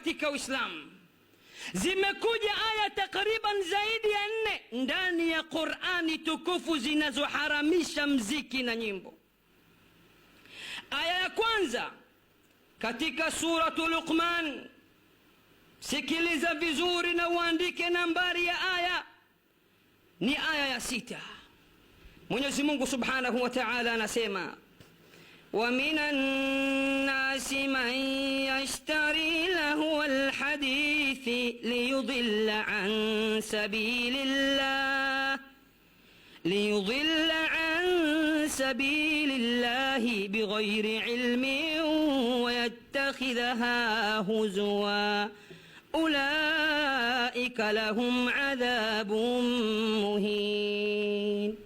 katika Uislamu. Zimekuja aya takriban zaidi ya nne ndani ya Qur'ani tukufu zinazoharamisha mziki na nyimbo. Aya ya kwanza katika suratu Luqman, sikiliza vizuri na uandike nambari ya aya, ni aya ya sita. Mwenyezi Mungu Subhanahu wa Ta'ala anasema ومن الناس من يشتري له الحديث ليضل عن سبيل الله ليضل عن سبيل الله بغير علم ويتخذها هزوا أولئك لهم عذاب مهين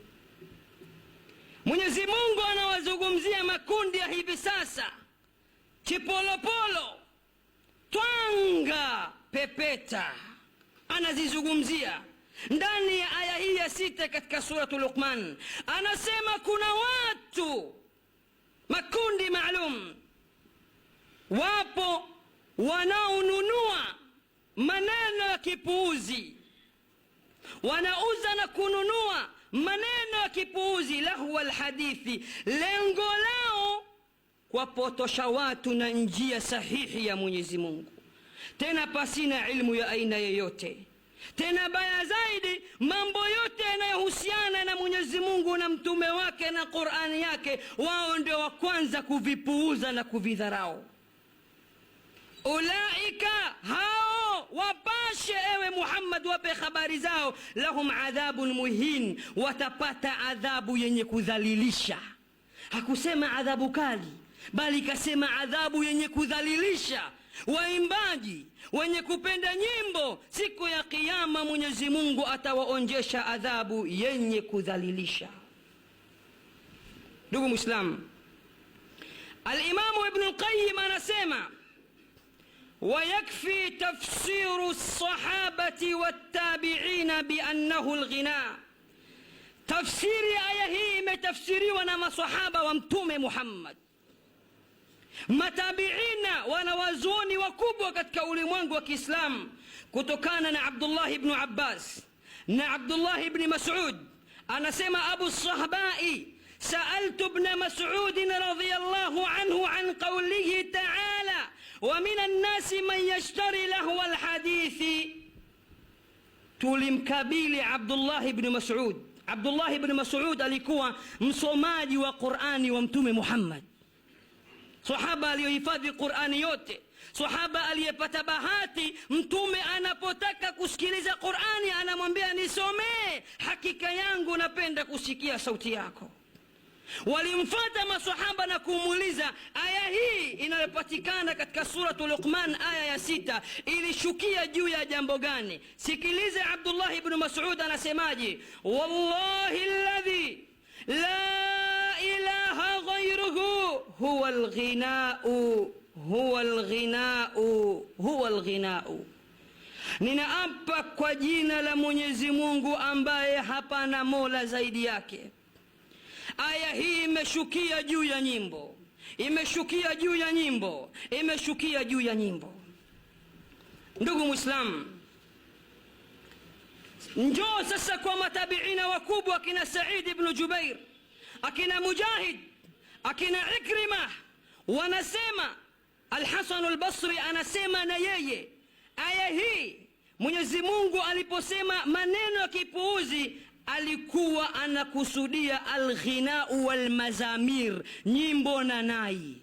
من يزمون sasa, kipolopolo twanga pepeta anazizungumzia ndani ya aya hii ya sita katika suratu Luqman. Anasema kuna watu makundi maalum, wapo wanaonunua maneno ya kipuuzi, wanauza na kununua maneno ya kipuuzi, lahwa lhadithi lengo lao kuwapotosha watu na njia sahihi ya Mwenyezi Mungu, tena pasina ilmu ya aina yoyote. Tena baya zaidi, mambo yote yanayohusiana na Mwenyezi Mungu na mtume wake na Qur'ani yake, wao ndio wa kwanza kuvipuuza na kuvidharau. Ulaika hao wapashe, ewe Muhammad, wape habari zao, lahum adhabun muhin, watapata adhabu yenye kudhalilisha. Hakusema adhabu kali bali ikasema adhabu yenye kudhalilisha waimbaji wenye kupenda nyimbo. Siku ya Kiyama Mwenyezi Mungu atawaonjesha adhabu yenye kudhalilisha. Ndugu Mwislamu, Alimamu Ibnu Lqayim anasema wayakfi tafsiru lsahabati wattabiina biannahu lghina, tafsiri ya aya hii imetafsiriwa na masahaba wa Mtume Muhammad matabiina wanawazuoni wakubwa katika ulimwengu wa Kiislamu kutokana na Abdullah ibn Abbas na Abdullah ibn Mas'ud. Anasema Abu Sahbai, saaltu ibn Mas'ud radhiyallahu anhu an qawlihi ta'ala wa min annasi man yashtari lahwa alhadithi. Tulimkabili Abdullah ibn Mas'ud. Abdullah ibn Mas'ud alikuwa msomaji wa Qur'ani wa Mtume Muhammad sahaba aliyohifadhi Qur'ani yote, sahaba aliyepata bahati, mtume anapotaka kusikiliza Qur'ani anamwambia nisomee, hakika yangu napenda kusikia sauti yako. Walimfuata masahaba na kumuuliza, aya hii inayopatikana katika suratu Luqman aya ya sita ilishukia juu ya jambo gani? Sikilize Abdullah ibn Mas'ud anasemaje, wallahi alladhi la ghayruhu huwa alghinau huwa alghinau huwa alghinau ninaapa kwa jina la mwenyezi mungu ambaye hapana mola zaidi yake aya hii imeshukia juu ya nyimbo imeshukia juu ya nyimbo imeshukia juu ya nyimbo ndugu mwislamu njoo sasa kwa matabiina wakubwa akina saidi bnu jubair akina mujahid akina Ikrima wanasema, Alhasanu Albasri anasema na yeye aya hii, Mwenyezi Mungu aliposema maneno ya kipuuzi alikuwa anakusudia alghinau walmazamir, nyimbo na nai.